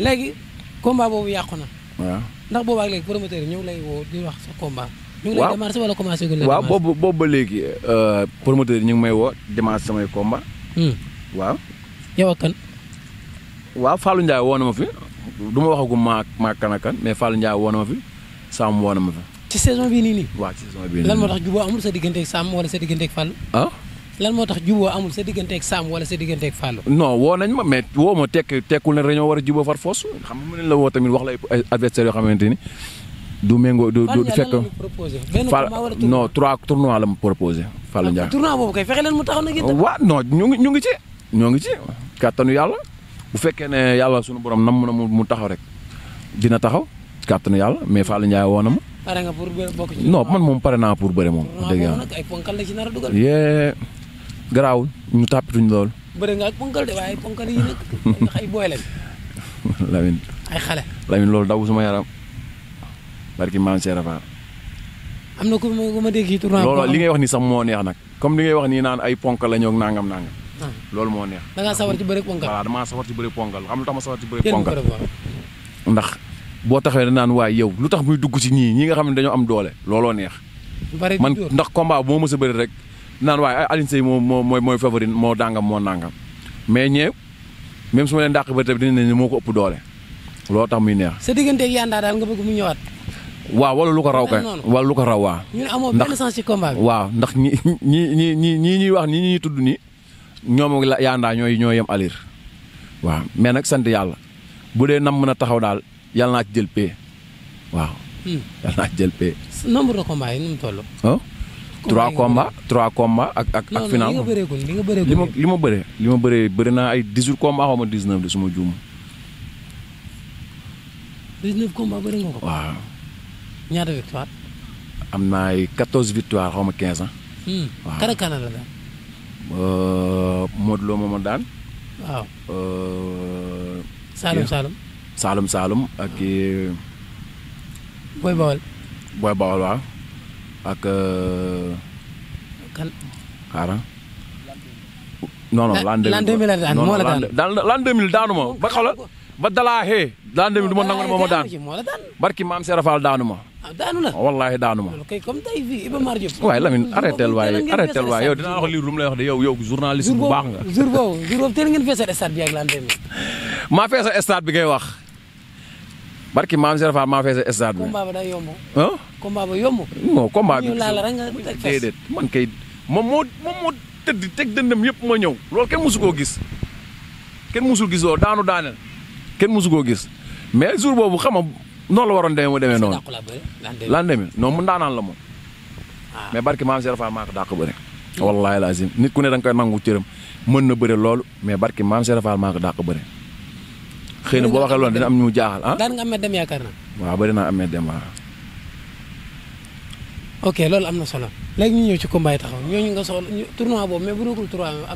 léegi combat boobu yàqu na. ndax boobaa ak léegi promoteur yi ñu lay woo di wax sa combat. ñu ngi commencé gu la waaw boobu boobu ba léegi euh, promoteur yi ñu ngi may woo démarché samay komba hmm. waaw. yow ak kan. waaw Fallou Ndiaye woo ma fi du ma waxagum maa maa kan ak kan mais Fallou Ndiaye woo na ma fi Sam woo na ma fi. ci saison bii nii nii. waaw ci saison tax jubóo amul sa digganteeg Sam wala sa digganteeg Fallou. Ah? lan moo tax juboo amul sa digganteeg Sam wala sa digganteeg Fallou. non woo nañ ma mais woo ma tekk tekkul ne dañoo war a juboo far force xam ne mën la woo tamit wax la ay adversaires yoo xamante ni mu ah, boobu kay fexe leen mu taxaw na ngeen. waaw non yàlla bu fekkee ne yàlla sunu borom nam na mu taxaw rek dina taxaw kàttanu yàlla mais Fallou Ndiaye woo na ma. pare nga pour bokk ci. non man moom pare naa pour bëre moom. garaawul ñu tàppituñ loolu. bëri nga ak ponkal de waaye ponkal yi nag. loolu daw suma yaram. barki maam Cheikh Rafa. am na ku ma ku li ngay wax ni sax moo neex nag comme li ngay wax nii naan ay ponkal la ñoo nangam nangam. Ah. loolu moo neex. da ngaa sawar ci bëri ponkal waaw damaa sawar ci bëri ponkal xam lu tax ma sawar ci bëri ponkal ndax boo taxawee da naan waaye yow lu tax muy dugg ci ñii ñi nga xam ne dañoo am doole looloo neex. man ndax combat bu ma mës a rek naan waaye Alioune Seye moo moo mooy favori moo dàngam moo nàngam mais ñee même su ma leen dàq ba tamit dinañ ne moo ko ëpp doole loolu tax muy neex. sa digganteeg Yanda daal nga bëgg mu ñëwaat. waaw wala lu ko raw kay wala lu ko raw waaw. ñu ne amoo benn waaw ndax ñi ñi ñi ñi ñi ñuy wax ñi ñuy tudd nii ñoom la Yanda ñooy ñoo yem alir waaw mais nag sant yàlla bu dee nam mën a taxaw daal yàlla naa ci jël pee waaw. Hmm. yàlla naa ci jël pee. trois combats trois combats ak ak ak final li ma li ma bëree li ma bëree bëri ay dix-huit combats xaw ma dix-neuf de suma juum dix-neuf combats bëri nga ko waaw ñaata victoire am na ay quatorze victoire xaw ma quinze ans hmm. waaw kan la daan euh, Modou Lo mooma daan euh, Saalum Saalum Saalum Saalum ak Boy Bawol Boy Bawol waaw ak. Euh, kan. xaaral. non non l'an 2000 l'an 2000 la daan moo la daan ma ba ba dalaa xee l'an ma nangu ne moo ma daan barki maam Serap Fall daanu ma. ah daanu la wallaahi daanu ma. kay comme tey fii Iba Mar Diop. waaye Lamine waay arrêté waay yow dinaa wax lii lu mu lay wax yow yow bu baax nga. jour boobu jour boobu teel ngeen maa feesal stade bi ngay wax. barki maam Serap Fall maa fees stade bi. combat ba teg fees yëpp ma ñëw loolu kenn musu koo gis musul gis loolu daanu daaneel gis mais jour boobu xam nga la waroon demee mu demee noonu. lan demee non mu ndaanaan la moom. Ah. mais barki maam Serap Fall nit ku ne da nga nangu cëram mën na bëri loolu mais barki maam Serap Fall maa ko dàq xëy na boo waxee loolu dina am ñu mu jaaxal ah. daan nga amee dem yaakaar naa. waaw bari naa amee dem waaw. ok loolu am na solo ci combat yi taxaw ñooñu nga soxla tournoi boobu mais bu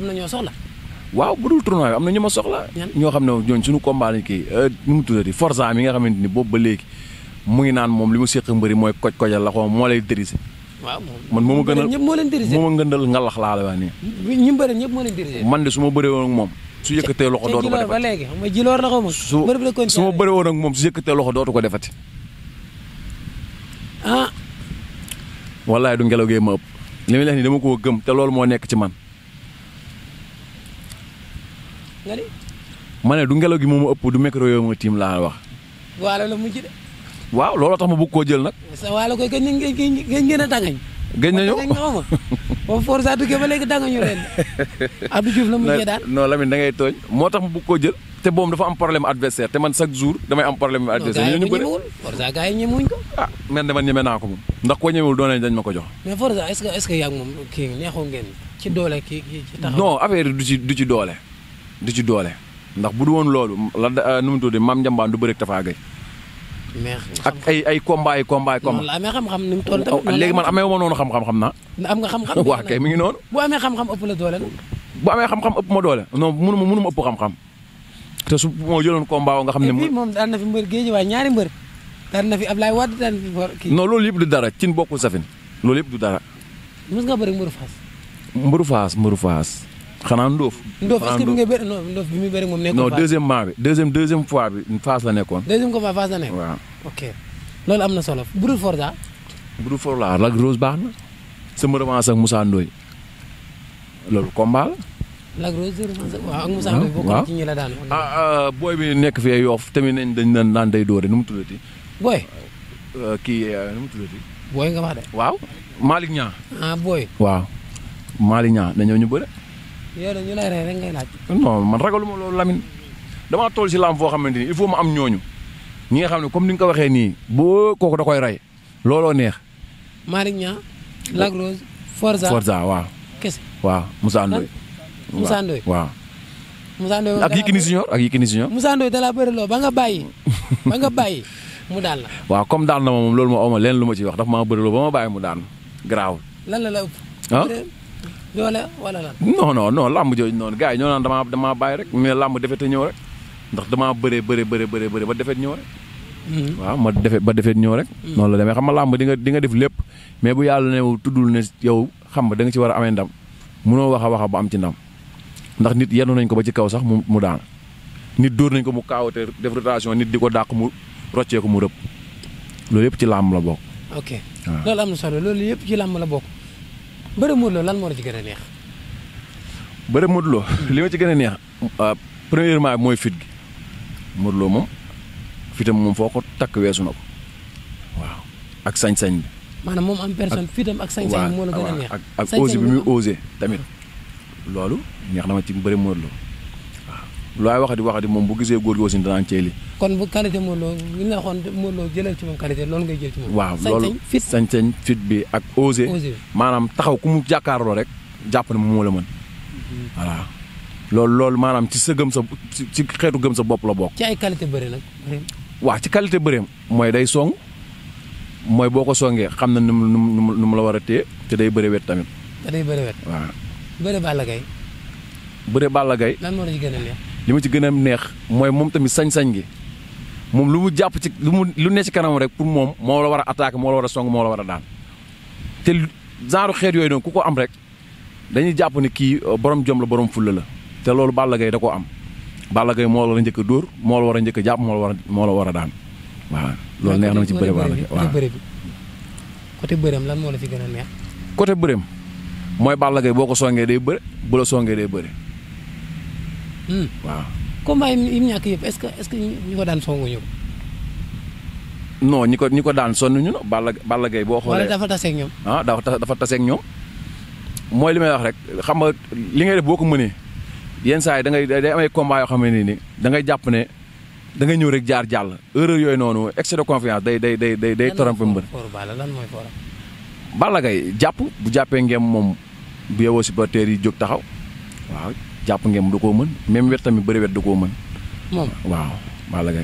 na ñoo soxla. waaw bu dul tournoi am na ñu ma soxla. ñoo xam ne ñooñu suñu combat lañ kii euh, nu mu tuddati Forza mi nga ni boobu ba léegi mu ngi naan moom li mu séq mbëri mooy koj-kojal la xaw moo lay dirigé. waaw man moo ma gënal ñëpp moo leen dirigé moo ma gënal ngalax laa la wax nii. ñi mbëri ñëpp moo leen dirigé. man de su ma bëree woon ak moom su yëkkatee loxo dootu ko defati ba léegi xam na ko moom. su ma bëri woon ak moom su yëkkatee loxo du ngelaw gee ma ëpp li muy wax dama koo gëm te loolu moo nekk ci man. nga du ngelaw gi moom ma ëpp du micro yooyu ma tiim laa wax. waalo la mujj de. waaw looloo tax ma bugg koo jël nag. sa waalo koy gën gën gën a tàngañ. moom Forza duggee ba léegi danga ñu leen Abdou Diouf la mujjee daal da ngay tooñ moo tax mu bëgg koo jël te boom dafa am problème adversaire te man chaque jour damay am problème adversaire ñooñu bëri Forza gars yi ñemewuñ ko ah man de man ñeme naa ko moom ndax koo ñemewul doon nañ dañ ma ko jox mais Forza est-ce que moom kii neexoo ngeen ci doole kii ci taxaw non affaire du ci du ci doole du ci doole ndax bu du woon loolu la euh, nu mu tudd Mame Ndiambane du bëri Tafa Gueye ak ay ay combat ay combat ay combat. la amee xam-xam ni mu toll tamit. Oh, léegi man amee wu ma noonu xam-xam xam naa. am nga xam-xam waaw kay mi ngi noonu. bu amee xam-xam ëpp la doole la. bu amee xam-xam ëpp ma doole non mënu ma mënu ma ëpp xam-xam. te su ma jëloon combat nga xam ne. moom daan na fi mbër géej waaye ñaari mbër. daan na fi Ablaye Wade daan fi bor kii. non loolu yëpp du dara cin bokkul safin. loolu yëpp du dara. mos nga bëri mbëru faas. mbëru faas mbëru faas xanaa ndóof. ndóof est-ce que bi nga bëri non ndóof moom nekkul. non deuxième maa bi deuxième la nekkoon. deuxième fois phase la nekkoon. loolu am na solo. budul Forza. budul Forza Lac Rose baax na. sama revanche loolu combat la. Ah, ah, ah, booy bi nekk fi Yoff tamit nañ dañ naan naan day doore nu mu tuddati. booy. Euh, kii euh, nu mu tuddati. booy nga wax de. waaw Malick Niang. ah booy. waaw Malick Niang dañoo ñu bëre. yow de ñu lay rey rek ngay laaj. non man ragaluma loolu lamin damaa toll si laam foo xamante ni il faut am ñooñu ñi nga xam ne comme ni nga ko waxee nii boo kooku da koy rey looloo neex. Malick Niang. Lac Rose Forza Forza waaw. kese waaw Moussa Ndoye. Moussa Ndoye waaw. Moussa Ndoye ak Yékini Junior ak Yékini Junior. dala bëri loo ba nga bàyyi ba nga bàyyi mu daan la. waaw comme daan na ma moom loolu ma aw leen lu ma ciy wax dafa maa bëri loo ba ma bàyyi mu daan garaawul. lan la la doole wala lan. non non làmb jooju noonu gars yi ñoo naan damaa damaa bàyyi rek mais làmb defet a ñëw rek ndax damaa bëree bëree bëree bëree ba defet ñëw rek. Hmm. waaw ma defee ba defee ñëw rek. Hmm. noonu la demee xam nga làmb di nga di nga def lépp. mais bu yàlla ne tuddul ne yow xam nga da nga ci war a amee ndam munoo wax a wax a ba am ci ndam ndax nit yenu nañ ko ba ci kaw sax mu mu daan nit dóor nañ ko mu kaawate def rotation nit di ko dàq mu roccee ko mu rëpp loolu yëpp ci làmb la bokk. ok loolu am na solo loolu yëpp ci làmb la bokk. bëre Modou lan moo la ci gën neex. bëre Modou Lo li ma ci gën a neex. Ah, premièrement mooy fit gi Modou Lo moom fitam moom foo ko takk weesu na ko waaw ak sañ-sañ bi. maanaam moom am personne fitam ak sañ-sañ bi moo la gën a neex ak ak osé bi muy osé tamit loolu neex na ma ci bëre Modou Lo. looy waxati waxati moom bu gisee góor gi aussi danaan kon bu qualité Modou Lo li nga waxoon Modou Lo jëlal ci moom qualité loolu ngay jël ci moom waaw loolu fit sañ-sañ fit bi ak osé maanaam taxaw ku mu jàkkaarloo rek jàpp ne moom moo loolu loolu maanaam ci sa gëm sa ci xeetu gëm sa bopp la bokk ci ay qualité bëre nag waaw ci qualité bëreem mooy day song mooy boo ko songee xam na nu mu nu mu nu mu la war a téye te day bëre wet tamit te day bëre wet waaw bëre moo la ci gën li ma ci gën a neex mooy moom tamit sañ-sañ gi moom lu mu jàpp ci lu mu lu ne ci kanam rek pour moom moo la war a attaquer moo la war a song moo la war a daan te genre xeet yooyu noonu ku ko am rek dañuy jàpp ne kii euh, borom jom la borom fulla la te loolu Balla Gaye da ko am Balla Gaye moo la njëkk a dóor moo la war a njëkk jàpp moo la war a moo la war a daan waa loolu neex na ma ci bëre waa Gaye waaw côté bëreem moo la ci gën a côté bëreem mooy Balla Gaye boo ko songee day bëre bu la songee day bëre. Hmm. waaw combat yi mu ñàkk yëpp est-ce que est-ce ñu ko daan songuñu ko. non ñi ko ñi ko daan sonn ñu Balla Balla Gaye boo xoolee dafa taseeg ñoom. ah dafa dafa taseeg ñoom mooy li may wax rek xam nga li ngay def boo ko mënee yenn saa yi da ngay day am ay combat yoo xam ne nii da ngay jàpp ne dangay ñëw rek jaar jàll erreur yooyu noonu excès de confiance day day day day day torompe mbër. lan mooy fooram Balla Gaye jàpp bu jàppee ngeen moom bi yewoo supporters yi jóg taxaw waaw. jàpp ngeen da koo mën même wet tamit bëri wet du koo mën. waaw Balla la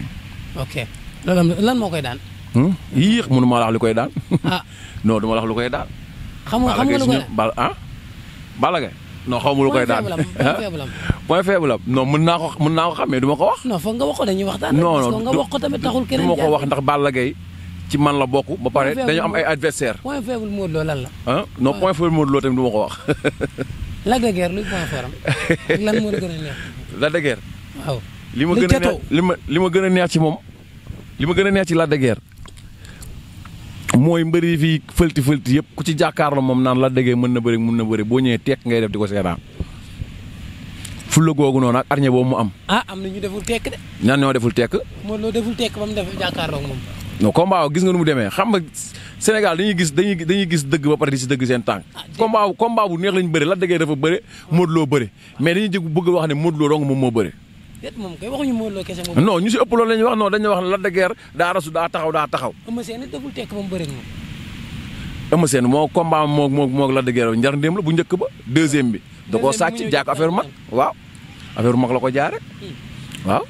ok loolu moo koy daan. Hmm? yii mënu lu koy daan. ah ma wax lu koy daan. xam nga xam nga lu koy daan Balla Gaye ah Balla lu koy daan point faible am point faible am non naa ko naa ko xam mais ko wax. non foog wax ko dañuy waxtaan. non non nga wax ko tamit taxul ko wax ndax Balla Gaye ci man la bokk ba pare dañu am ay adversaire point faible Modou Lo la. ah non point faible Modou Lo tamit du ma ko wax. Lac de Guiers luy la gën li ma gën a neex li ma li ma gën a neex ci moom li ma gën a neex ci Lac de Guiers mooy mbër yi fii fëlti fëlti yëpp ku ci jàkkaarloo moom naan Lac de mën na bëri mën na bëri boo ñëwee teek ngay def di ko seetaan fulla googu noonu ak arñe boobu mu am. ah am na ñu deful tekk de. ñaan ñoo deful tekk. Modou loo deful tekk ba mu def jàkkaarloo moom. non combat gis nga nu mu demee xam nga Sénégal dañuy gis dañuy dañuy gis dëgg ba pare di si dëgg seen tànk. Ah, combat combat bu neex lañ bëre la dëggee dafa bëre Modou loo bëre mais dañuy jëg bëgg wax ne Modou Lo dong moom moo bëre. déet moom kay waxuñu Modou Lo kese ñu si ëpp loolu la ñuy wax non dañuy wax ne la dëggeer daa rasu daa taxaw daa taxaw. Eumeu seen dëggul tekk ba mu moo combat moo moo moo la dëggeer njar ndéem la bu njëkk ba deuxième bi. da koo jaak jàkk affaire mag waaw affaire mag la ko jaare hmm. waaw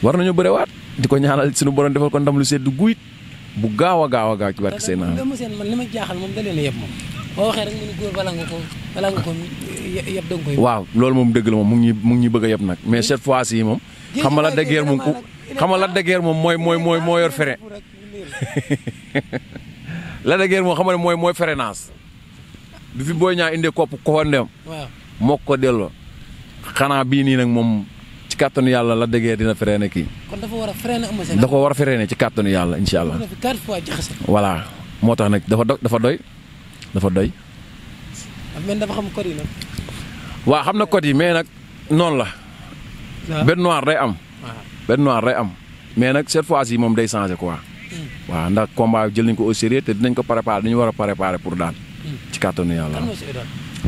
war nañu bëre di ko ñaanal sunu borom defal ko ndam lu sedd guyit bu gaaw a gaaw a gaaw ci barke Seydina Limamou Sène man li ma jaaxal moom da leen a yëpp moom boo waxee rek mu ne góor waaw loolu moom dëgg la moom mu ngi mu bëgg a yëpp nag mais cette fois ci moom xam nga la dëggeer moom ku xam mooy mooy mooy moo yor fere la dëggeer moom xam nga ne mooy mooy frénance du fi booy ñaa indee kopp ko moo ko delloo xanaa bii nii nag moom kàttanu yàlla la déggee dina freiné kii. kon dafa a ko war a freiné ci kàttanu yàlla incha allah. quatre moo tax nag dafa dafa doy dafa doy. dafa xam code yi nag. xam na code yi mais nag noonu la. waaw benn noir day am. benn noir day am mais nag cette fois ci moom day changé quoi. Hmm. waaw ndax combat jël nañ ko au sérieux te dinañ ko préparé dañu war a préparé pour daan. Hmm. ci kàttanu yàlla.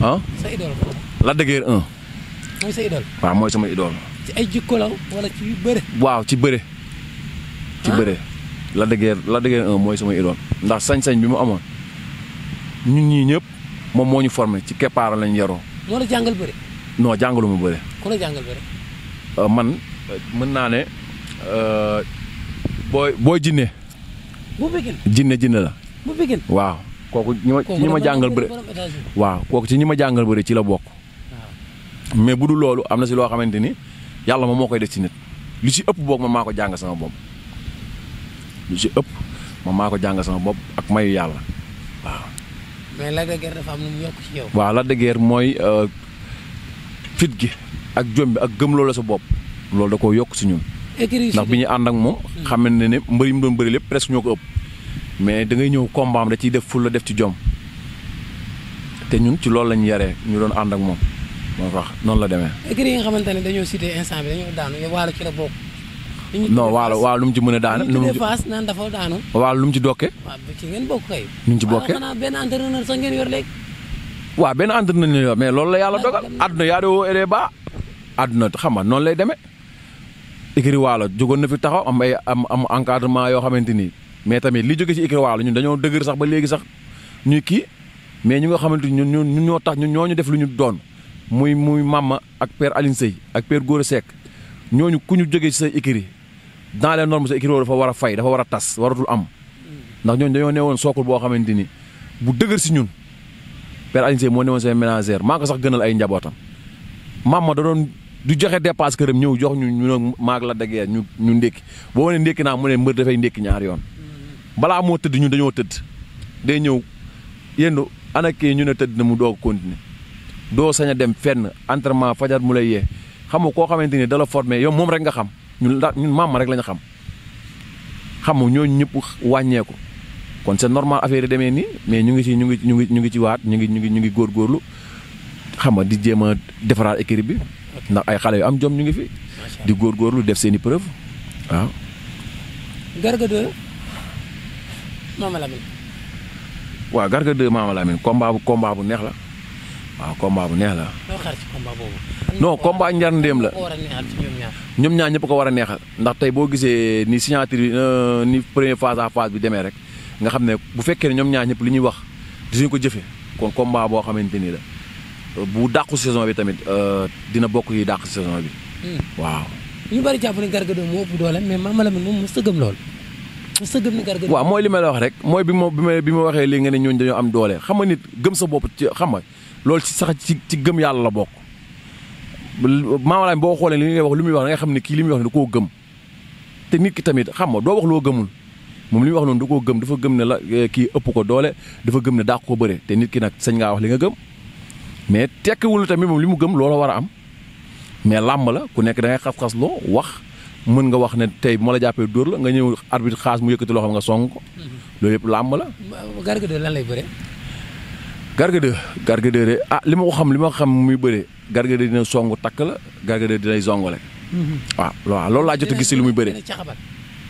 Ah? la dëgër un. mooy sa mooy sama idole. ci ay jikko la wala waaw ci bëre. ci ah. bëre la de mooy sama idoon ndax sañ-sañ bi mu amoon ñu ñii ñëpp moom moo ñu formé ci keppaar lañ yaroo. moo jàngal bëre. non jàngalu ma bëre. jàngal bëre. Euh, man mën naa ne euh, booy booy jinne. bu jinne jinne la. waaw. kooku ma ci ñi ma jàngal bëre waaw ci ñi ma jàngal bëre ci la bokk. Ah. mais bu dul loolu am na si loo xamante ni. yàlla moom moo koy def ci nit lu si ëpp boog man maa ko jàng sama bopp lu ci ëpp man maa ko jàng sama bopp ak mayu yàlla waaw. la Lac de Guiers dafa am lu mu mooy euh, fit gi ak jom bi ak gëm loola sa bopp loolu da koo yokk si ñun. ndax bi ñu ànd ak moom. Hmm. xam ne ne mbëri mu doon bëri lépp presque ñoo ko ëpp. mais da ngay ñëw kombaam da ciy def ful def ci jom te ñun ci loolu lañu yaree ñu doon ànd ak moom. moo tax noonu la demee. écurie yi nga xamante ne dañoo cité instant bi dañoo daanu waalo ci la bokk. waalo waaw lu mu ci mën a daane. lu mu ci faas naan dafa daanu. waaw lu mu ci dokke. waaw ci bokk kay. mu ci bokkee benn entraîneur sax ngeen yor léegi. waaw benn entraîneur mais loolu la yàlla ah, dogal. àdduna yaa de woo eree ba àdduna xam nga noonu lay demee. écurie waalo jógoon na fi taxaw am ay am am yoo xamante ni mais tamit li jóge ci écurie waalo ñun dañoo dëgër sax ba léegi sax ñuy kii mais ñu nga xamante ni ñun ñun ñoo tax ñun ñoo ñu def lu ñu doon muy muy Mama ak per Aline Seye ak père Gora Seck ñooñu ku ñu jóge ci sa écurie dans les normes sa écurie dafa war a fay dafa war a tas waratul am ndax ñooñu dañoo woon sookul boo xamante ni bu dëgër si ñun per Aline Seye moo newoon seen ménagère maa ko sax gënal ay njabootam Mama da doon du joxe dépasse këram ñëw jox ñu ñu ne maag la dagee ñu ñu ndékki boo ma ne ndékki naa mu ne mbër dafay ndékki ñaar yoon balaa moo tëdd ñun dañoo tëdd day ñëw yendu ana kii ñu ne tëdd na mu doog continuer doo sañ a dem fenn entrement fajar mu lay yee xam nga koo xamante ni dala formé yow moom rek nga xam ñun da ñun maam rek la ñu xam xam ñooñu ñëpp wàññeeku. kon c'est normal affaire demee nii mais ñu ngi ci ñu ngi ñu ngi ñu ngi ci waat ñu ngi ñu ngi ñu xam nga di jéem a defaraat équipe bi ndax ay xale yu am jom ñu ngi fi. di góor góorlu def seeni i preuve waaw. Garga 2 Mama Lamine. waaw Garga 2 komba bu combat bu neex la. waaw combat bu neex la. loo xaar ci combat boobu. non combat la ñoom ñaar ñëpp ko war a neexal ndax tey boo gisee ni signature euh, ni première phase à phase bi demee rek nga xam ne bu fekkee ne ñoom ñaar ñëpp lu ñuy wax disuñ ko jëfe kon combat boo xamante ni la bu dàqu saison bi tamit euh, dina bokk yi dàqu saison bi. Hmm. waaw. ñu bari jàpp ne doole mais Mama Lamine moom mosut a gëm lool. mosut a mooy li ma la wax rek mooy bi ma bi ma waxee lii nga ne ñooñu dañoo am doole xam nga nit gëm sa bopp ci xam nga loolu ci sax ci ci gëm yàlla la bokk maamalaam boo xoolee li ngay wax li muy wax da nga xam ne kii li muy wax ne da koo gëm te nit ki tamit xam nga doo wax loo gëmul moom li muy wax noonu du koo gëm dafa gëm ne la eh, kii ëpp ko doole dafa gëm ne daa ko bëre te nit ki nag sañ ngaa wax li nga gëm mais tekkiwul tamit moom li mu gëm loola war a am mais làmb la ku nekk da ngay xas-xas loo wax mën nga wax ne tey bu ma la jàppee dóor la nga ñëw arbitre xaas mu yëkkati loo xam nga song ko mm-hmm. loolu yëpp la. Garga de lay bëre. Garga 2 Garga ah li ma ko xam li ma ko xam muy bëre Garga 2 dina songu takk la Garga 2 dinay zongale. Mhm. waaw waaw loolu laa jot a gis li muy bëre.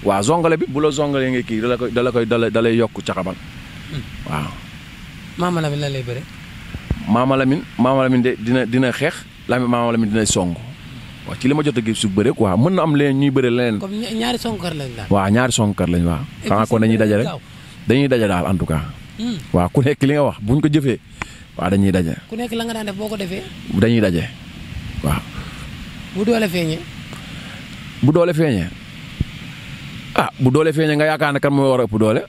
waaw zongale bi bu la zongalee ngay kii dala koy dala koy dalay yokk caxabal. Hmm. waaw. Maama Lamine lan lay bëre. Maama Lamine Maama Lamine de dina dina xeex Lamine Maama Lamine dinay song. waaw ci li ma jot a gis su bëre quoi mën na am leen ñuy bëre leneen. comme ñaari songkar lañ daal. waaw ñaari songkar lañ waaw. xanaa kon dañuy daja rek dañuy daje daal en tout cas. Hmm. waaw ku ekk li nga wax bu ñu ko jëfee waaw dañuy daje. ku nekk la nga daan def boo ko defee. dañuy daje waaw. bu doole feeñee. bu doole feeñee ah bu doole feeñee nga yaakaar ne kan moo war a ëpp doole.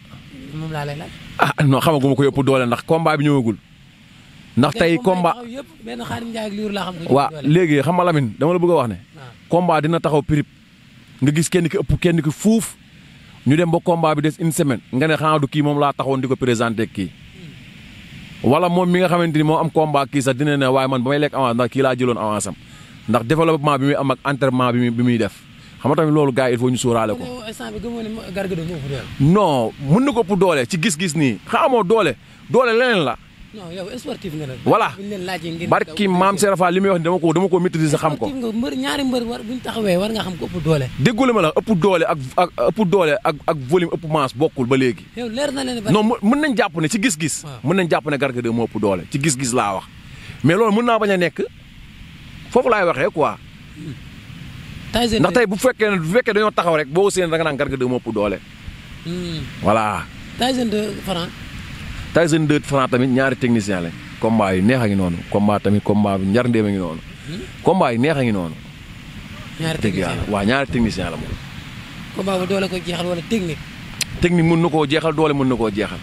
moom laa lay laaj. ah non xamaguma ko ëpp doole ndax combat bi ñëwagul. ndax tey combat yëpp benn Xaadim Njaay waaw léegi xam nga Lamine dama la bëgg wax ne. Ah. combat dina taxaw prip nga gis kenn ki ëpp kenn ki fuuf ñu dem ba combat bi des une semaine nga ne xanaa du kii moom laa taxawoon di ko présenté kii wala moom mi nga xamante ni moom am combat kii sax dina ne waaye man ba may lekk avance ndax kii laa jëloon avance am ndax développement bi muy am ak entraînement bi muy bi muy def xam nga tamit loolu gars yi il faut ñu sóoraale ko. non mun na ko pour doole ci gis-gis nii xa amoo doole doole leen la. non yow sportif nga nag. voilà barki maam Serafa li muy wax ni dama ko dama ko maîtriser xam ñaari mbër war bu ñu taxawee war nga xam ko ëpp doole. déggoo ma la ëpp doole ak ak ëpp doole ak ak volume ëpp masse bokkul ba léegi. yow leer na leen non mën nañ jàpp ne ci gis-gis. mën na jàpp ne Garga 2 moo ëpp doole ci gis-gis laa wax. mais loolu mën naa bañ a nekk foofu laay waxee quoi. ndax tey bu fekkee ne bu fekkee dañoo taxaw rek boo seen da nga naan moo doole. Hmm. voilà. Tyson Tyson 2 Franc tamit ñaari technicien lañ combat yi neex a ngi noonu combat tamit combat bi njar ndéem ngi noonu. combat yi ngi noonu. ñaari technicien la waaw ñaari technicien la moom. combat bu doole ko jeexal wala technique. technique mën na koo jeexal doole mën na koo jeexal.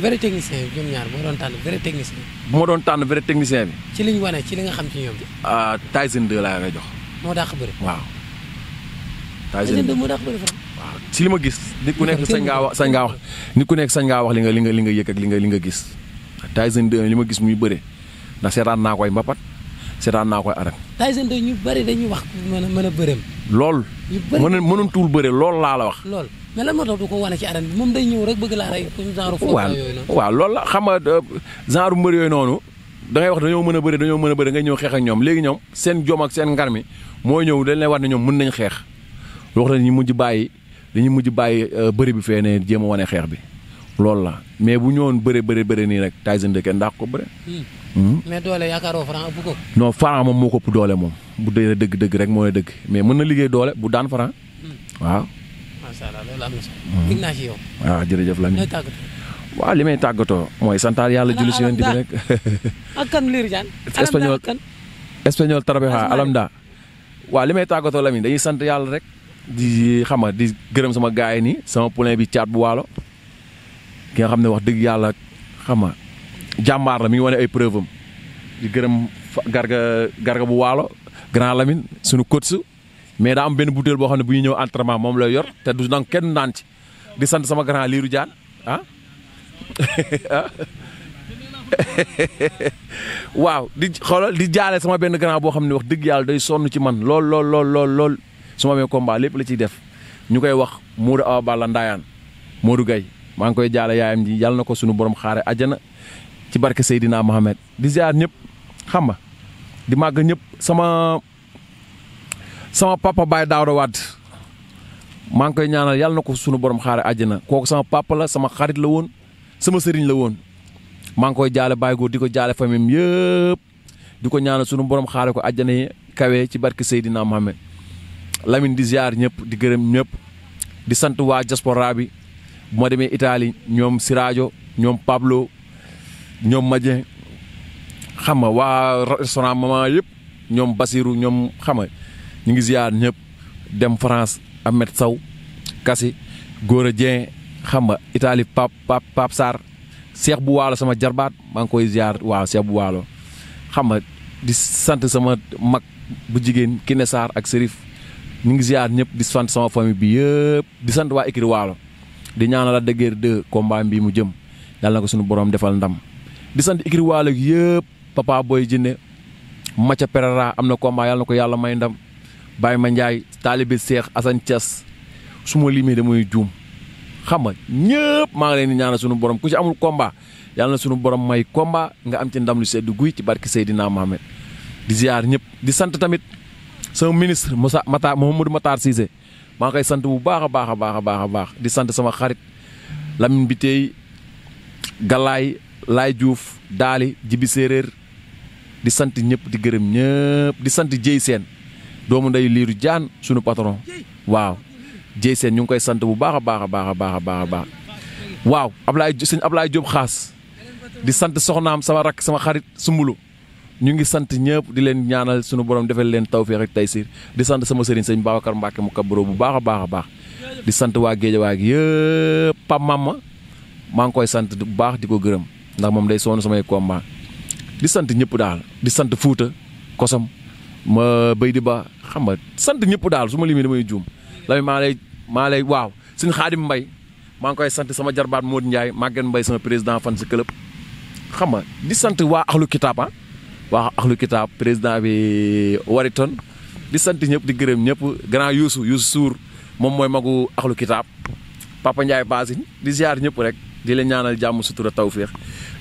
vrai technicien bi ñoom ñaar moo doon tànn vrai technicien bi. moo doon tànn vrai technicien bi. ci li ñu wane ci li nga xam ci ñoom. ah Tyson 2 laa nga jox. moo dàq bëri. waaw. si li ma gis. nit ku nekk sañ ngaa wax sañ ngaa wax ku nekk sañ ngaa wax li nga li nga li nga yëg ak li nga li nga gis. Tyson li ma gis muy bëre ndax seetaan naa koy mbapat seetaan naa koy arak. Tyson 2 ñu bëri dañuy wax mën a mën a bëreem. lool mën mënoon tuul bëre lool laa la wax. lool mais lan moo tax du ko wane ci arène bi moom day ñëw rek bëgg laa rey genre. foofa yooyu noonu waaw xam nga euh, genre mbër yooyu noonu. da ngay wax dañoo mën a bëre dañoo mën a bëre ngay ñëw xeex ak ñoom léegi ñoom seen jom ak seen ngar mi mooy ñëw dañ lay war ne ñoom mën nañ xeex wax la ñu mujj bàyyi ñu mujj bàyyi euh, bëri bi fee ne jéem a wane xeex bi loolu la mais bu ñëwoon bëre bëre bëre nii rek Tyson de kenn ndax ko bëre. Hmm. Hmm? mais doole yaakaaroo Franc moom moo ko ëpp doole moom bu dee dëgg dëgg rek mooy dëgg mais mën na liggéey doole bu daan Franc. Hmm. waaw. macha allah loolu am na ah, jërëjëf Lamine. waaw li may tàggatoo mooy santaal yàlla julli si yéen bi rek. ak kan liir jaan. espagnol espagnol li may tàggatoo Lamine dañuy sant yàlla rek. di xam nga di gërëm sama gaay yi nii sama poulain bi caat bu waalo ki nga xam ne wax dëgg yàlla xam nga jàmbaar la mi ngi wane ay preuve di gërëm garga garga bu waalo grand Lamine suñu coach mais daa am benn butéel boo xam ne bu ñu ñëw entraînement moom lay yor te du nang kenn naan ci di sant sama grand Lirou Diane ah, ah. waaw di xoolal di jaale sama benn grand boo xam ne wax dëgg yàlla day sonn ci man lool lool lool lool lool su ma amee combat lépp la ciy def ñu koy wax Modou Awa Balla Ndaayaan Modou Gaye maa ngi koy jaale yaayam ji yàlla na ko suñu borom xaare ajjana ci barke Seydina Mohamed di ziar ñëpp xam nga di màgg ñëpp sama sama papa Baye Daouda Wade maa ngi koy ñaanal yàlla na ko sunu borom xaare ajjana kooku sama papa la sama xarit la woon sama sëriñ la woon maa ngi koy jaale Baye Góor di ko jaale famille yëpp di ko ñaanal sunu borom xaare ko ajjana yi kawe ci barke Seydina Mohamed Lamine di ziar ñëpp di gërëm ñëpp di sant waa diaspora bi bu ma demee Italie ñoom Sirajo ñoom Pablo ñoom Madien xam nga waa restaurant maman yëpp ñoom Basiru ñoom xama ñu ngi ziar ñëpp dem France Ahmed Saw Kassi Gora Dieng xam nga Italie Pape Pape Pape Sarr Cheikh bu waalo sama jarbaat maa ngi koy ziar waaw Cheikh bu waalo xam nga di sant sama mag bu jigéen Kine Sarr ak Serif. ñu ngi ziar ñëpp di sant sama famille bi yëpp di sant waa écurie Waalo di ñaanal la de Guiers 2 combat bii mu jëm yàlla na ko suñu boroom defal ndam di sant écurie Waalo yëpp Papa booy Djiné Macha Perera am na combat yàlla na ko yàlla may ndam Baye Ma Ndiaye Talibé Cheikh Assane Thiès su ma limee damay juum xam nga maa ngi leen di ñaanal suñu borom ku ci amul combat yàlla na suñu borom may combat nga am ci ndam lu sedd guy ci barke Seydina Mohamed di di sant tamit. sama ministre Moussa Matar Mouhamadou Matar Cissé maa ngi koy sant bu baax a baax a baax a baax a baax di sant sama xarit Lamine Biteye Galaay Laay juuf Daali Jibi Séeréer di sant ñëpp di gërëm ñëpp di sant Dieye seen doomu nday liiru jaan suñu patron waaw Dieye seen ñu ngi koy sant bu baax a baax a baax a baax a baax a baax waaw Ablaye sëñ Ablaye Diop xaas di sant soxnaam sama rakk sama xarit Sumbulu ñu ngi sant ñëpp di leen ñaanal suñu borom defal leen tawféex ak taysiir di sant sama sëriñ sëñ Babacar Mbacke mu kabro bu baax a baax a baax di sant waa Géejawaay gi yëpp Pape Mama maa ngi koy sant bu baax di ko gërëm ndax moom day sonn samay combat di sant ñëpp daal di sant Fuuta Kosam ma béy di ba xam nga sant ñëpp daal su ma limee damay juum la maa lay maa lay waaw suñu Xaadim Mbay maa ngi koy sant sama jarbaat Modou Ndiaye Maguette Mbay sama président fan si club xam nga di sant waa Axlu ah. waa axlu kitaab président bi Wariton di sant ñëpp di gërëm ñëpp grand Youssou Youssou Sour moom mooy magu axlu kitaab Papa Ndiaye Basine di ziar ñëpp rek di leen ñaanal jàmm sutura tawféex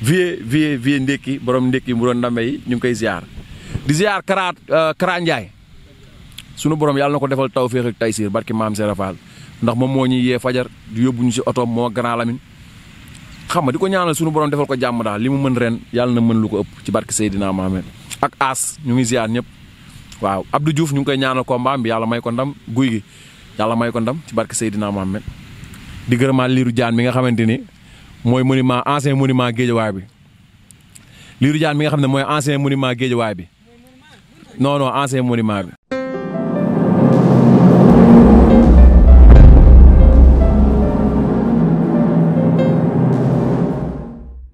vie vie vie ndékki borom ndékki mu doon ndame yi ñu ngi koy ziar di ziar Kara euh, Kara Ndiaye sunu borom yàlla na ko defal tawféex ak taysiir barki maam Serafal ndax moom moo ñuy yee fajar di yóbbu ñu si otoom moo grand Lamine xam nga di ko ñaanal suñu borom defal ko jàmm daal li mu mën ren yàlla na mën lu ko ëpp ci barke Seydina Mohamed ak aas ñu ngi ziar ñëpp waaw Abdou Diouf ñu ngi koy ñaanal combat bi yàlla may ko ndam guy gi yàlla may ko ndam ci barke Seydina Mohamed di gërëmaa liiru Diane mi nga xamante ni mooy monument ancien monument géejawaay bi liiru Diane mi nga xam ne mooy ancien géej géejawaay bi non non ancien bi